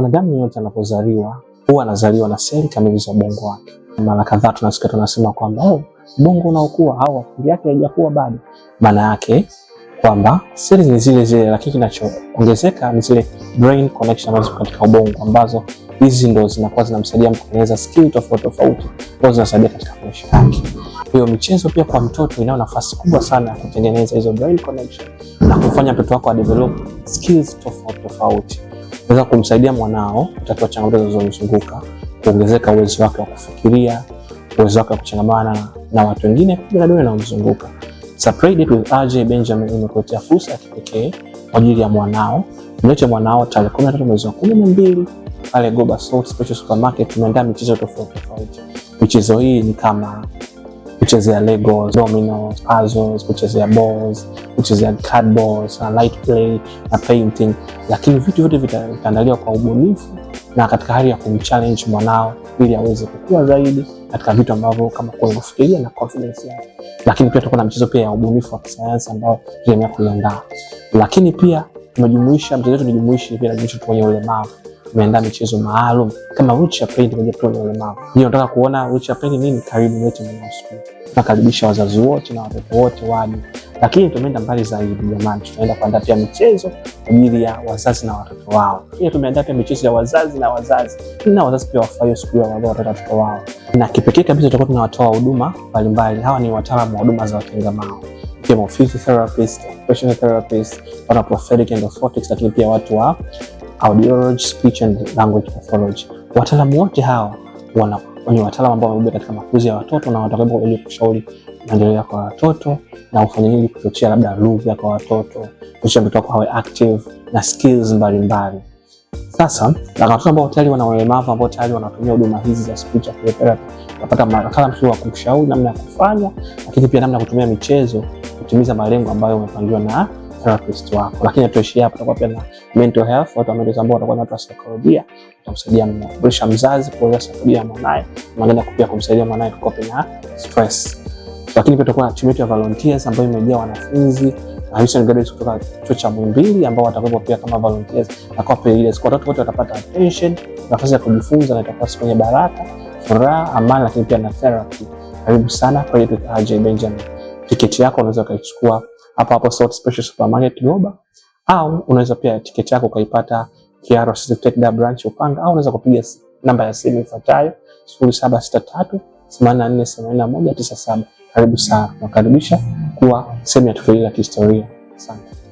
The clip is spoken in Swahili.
Mwanadamu yeyote anapozaliwa huwa anazaliwa na seli kamili za ubongo wake. Mara kadhaa tunasikia tunasema kwamba oh, ubongo unaokuwa au akili yake haijakuwa bado. Maana yake kwamba seli ni zile zile, lakini kinachoongezeka ni zile brain connection ambazo katika ubongo, ambazo hizi ndo zinakuwa zinamsaidia mtu kutengeneza skill tofauti tofauti ambazo zinasaidia katika maisha yake. hiyo michezo pia kwa mtoto inayo nafasi kubwa sana ya kutengeneza hizo brain connection na kufanya mtoto wako adevelop skills tofauti tofauti. Weza kumsaidia mwanao kutatua changamoto zinazomzunguka, kuongezeka uwezo wake wa kufikiria, uwezo wake wa kuchangamana na watu wengine pamoja na dunia inayomzunguka. Date with RJ Benjamin imekuletea fursa ya kipekee kwa ajili ya mwanao. Mlete mwanao tarehe 13 mwezi wa 12 pale Goba Salt Special Supermarket. Tumeandaa michezo tofauti tofauti. Michezo hii ni kama kuchezea Legos, dominos, puzzles, kuchezea balls, kuchezea na light play na painting, lakini vitu vyote vitaandaliwa kwa ubunifu na katika hali ya kumchallenge mwanao ili aweze kukua zaidi katika vitu ambavyo kama kwa na confidence yake. Lakini pia tutakuwa na mchezo pia ya ubunifu wa kisayansi ambao tunaenda kuandaa, lakini pia tumejumuisha mchezo wetu, tumejumuisha pia na mchezo wenye ulemavu tumeandaa michezo maalum kama wheelchair play kwa watu wenye ulemavu. Je, unataka kuona wheelchair play nini? Karibu lete Manyara School. Tunakaribisha wazazi wote na watoto wote waje, lakini tumeenda mbali zaidi jamani, tunaenda kuandaa pia michezo kwa ajili ya wazazi na watoto wao. Pia tumeandaa pia michezo ya wazazi na wazazi na wazazi pia wafurahie siku ya wao watoto watoto wao, na kipekee kabisa tutakuwa tunawatoa huduma mbalimbali. Hawa ni wataalamu wa huduma za watengamao physiotherapist, occupational therapist, wana prosthetic and orthotics, lakini pia watu wa audiology, speech and language pathology. Wataalamu wote hawa ni wataalamu ambao wamebobea katika makuzi ya watoto na watakabwa ili kushauri maendeleo yako ya watoto na ufanye nini kuchochea labda lugha kwa watoto, kuchochea mtoto wako awe active na skills mbalimbali. Sasa watoto ambao tayari wana ulemavu ambao tayari wanatumia huduma hizi za speech therapy utapata makala mzuri wa kumshauri namna ya kufanya, lakini pia namna ya kutumia michezo kutimiza malengo ambayo umepangiwa na therapist wako, lakini hatuishia hapo. Tutakuwa pia na mental health, watu wa mental ambao watakuwa na watu wa saikolojia, tutamsaidia kumboresha mzazi kuweza kusaidia mwanae, maana pia kumsaidia mwanae kukope na stress. Lakini pia tutakuwa na timu yetu ya volunteers ambayo imejaa wanafunzi na recent graduates kutoka chuo cha Muhimbili ambao watakuwa pia kama volunteers, na kwa pia ile siku watoto wote watapata attention, nafasi ya kujifunza, na itakuwa siku yenye baraka, furaha, amani, lakini pia na therapy. Karibu sana kwa yetu RJ Benjamin. Tiketi yako unaweza ukaichukua hapo hapo Salt Special Supermarket Goba, au unaweza pia tiketi yako ukaipata KRCTDA branch Upanga, au unaweza kupiga namba ya simu ifuatayo 0763 848197. Karibu sana, nakaribisha kuwa sehemu ya tukio la kihistoria. Asante.